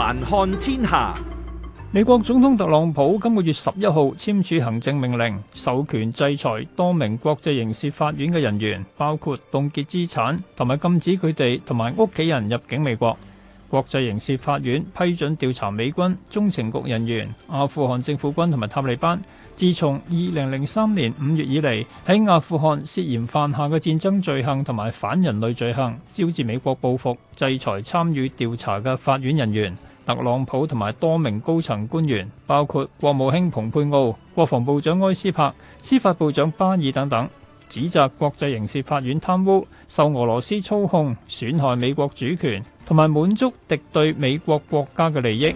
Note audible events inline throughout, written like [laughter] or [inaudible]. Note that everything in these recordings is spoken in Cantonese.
環看天下，美國總統特朗普今個月十一號簽署行政命令，授權制裁多名國際刑事法院嘅人員，包括凍結資產同埋禁止佢哋同埋屋企人入境美國。國際刑事法院批准調查美軍、中情局人員、阿富汗政府軍同埋塔利班，自從二零零三年五月以嚟，喺阿富汗涉嫌犯下嘅戰爭罪行同埋反人類罪行，招致美國報復，制裁參與調查嘅法院人員。特朗普同埋多名高層官員，包括國務卿蓬佩奧、國防部長埃斯珀、司法部長巴爾等等，指責國際刑事法院貪污、受俄羅斯操控、損害美國主權，同埋滿足敵對美國國家嘅利益。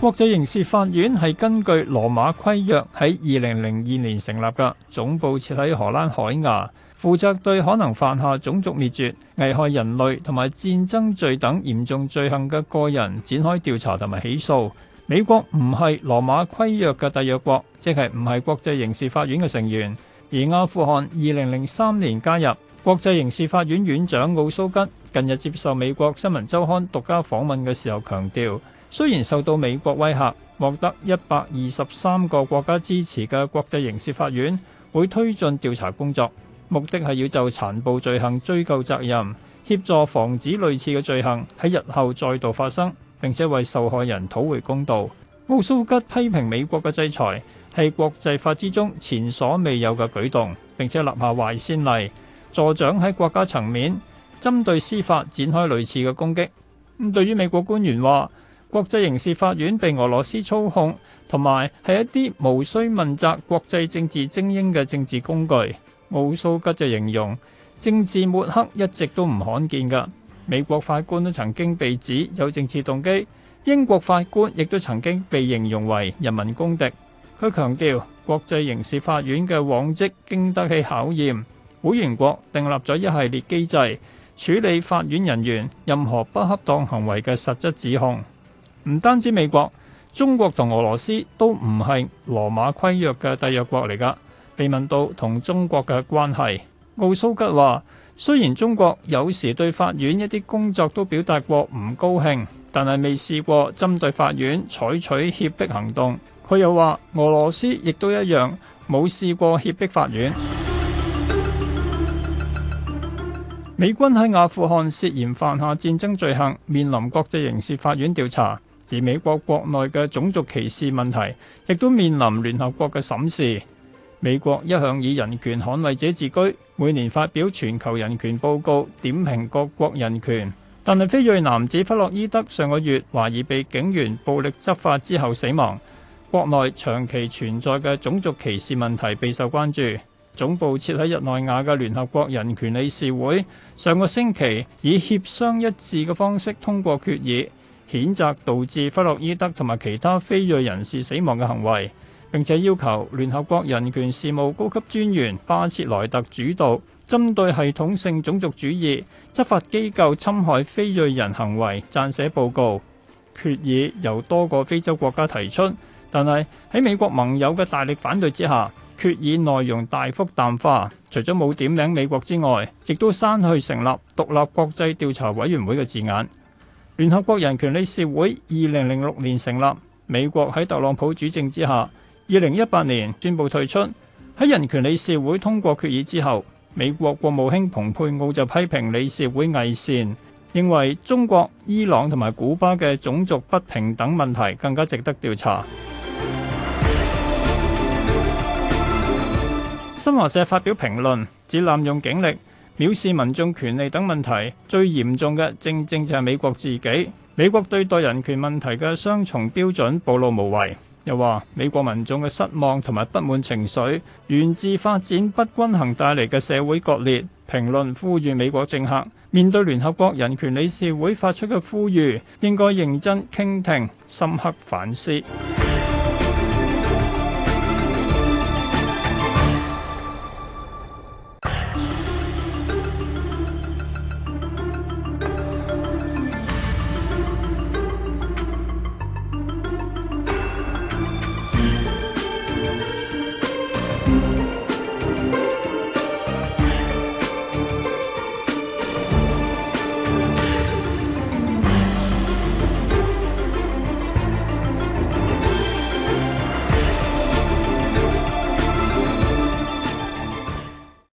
國際刑事法院係根據羅馬規約喺二零零二年成立噶，總部設喺荷蘭海牙。負責對可能犯下種族滅絕、危害人類同埋戰爭罪等嚴重罪行嘅個人展開調查同埋起訴。美國唔係羅馬規約嘅締約國，即係唔係國際刑事法院嘅成員。而阿富汗二零零三年加入國際刑事法院。院長奧蘇吉近日接受美國新聞周刊獨家訪問嘅時候強調，雖然受到美國威嚇，獲得一百二十三個國家支持嘅國際刑事法院會推進調查工作。目的係要就殘暴罪行追究責任，協助防止類似嘅罪行喺日後再度發生，並且為受害人討回公道。奧蘇吉批評美國嘅制裁係國際法之中前所未有嘅舉動，並且立下壞先例，助長喺國家層面針對司法展開類似嘅攻擊。咁對於美國官員話，國際刑事法院被俄羅斯操控，同埋係一啲無需問責國際政治精英嘅政治工具。奧蘇吉就形容政治抹黑一直都唔罕見噶，美國法官都曾經被指有政治動機，英國法官亦都曾經被形容為人民公敵。佢強調國際刑事法院嘅往績經得起考驗，會員國訂立咗一系列機制處理法院人員任何不恰當行為嘅實質指控。唔單止美國、中國同俄羅斯都唔係羅馬規約嘅締約國嚟噶。被問到同中國嘅關係，奧蘇吉話：雖然中國有時對法院一啲工作都表達過唔高興，但係未試過針對法院採取脅迫行動。佢又話：俄羅斯亦都一樣冇試過脅迫法院。 [music] 美軍喺阿富汗涉嫌犯下戰爭罪行，面臨國際刑事法院調查；而美國國內嘅種族歧視問題亦都面臨聯合國嘅審視。美國一向以人權捍衞者自居，每年發表全球人權報告，點評各國人權。但係非裔男子弗洛伊德上個月懷疑被警員暴力執法之後死亡，國內長期存在嘅種族歧視問題備受關注。總部設喺日內瓦嘅聯合國人權理事會上個星期以協商一致嘅方式通過決議，譴責導致弗洛伊德同埋其他非裔人士死亡嘅行為。並且要求聯合國人權事務高級專員巴切萊特主導，針對系統性種族主義執法機構侵害非裔人行為撰寫報告。決議由多個非洲國家提出，但係喺美國盟友嘅大力反對之下，決議內容大幅淡化，除咗冇點名美國之外，亦都刪去成立獨立國際調查委員會嘅字眼。聯合國人權理事會二零零六年成立，美國喺特朗普主政之下，二零一八年宣布退出，喺人權理事會通過決議之後，美國國務卿蓬佩奧就批評理事會偽善，認為中國、伊朗同埋古巴嘅種族不平等問題更加值得調查。新華社發表評論指，濫用警力、藐視民眾權利等問題，最嚴重嘅正正就係美國自己。美國對待人權問題嘅雙重標準暴露無遺。又話美國民眾嘅失望同埋不滿情緒，源自發展不均衡帶嚟嘅社會割裂。評論呼籲美國政客面對聯合國人權理事會發出嘅呼籲，應該認真傾聽、深刻反思。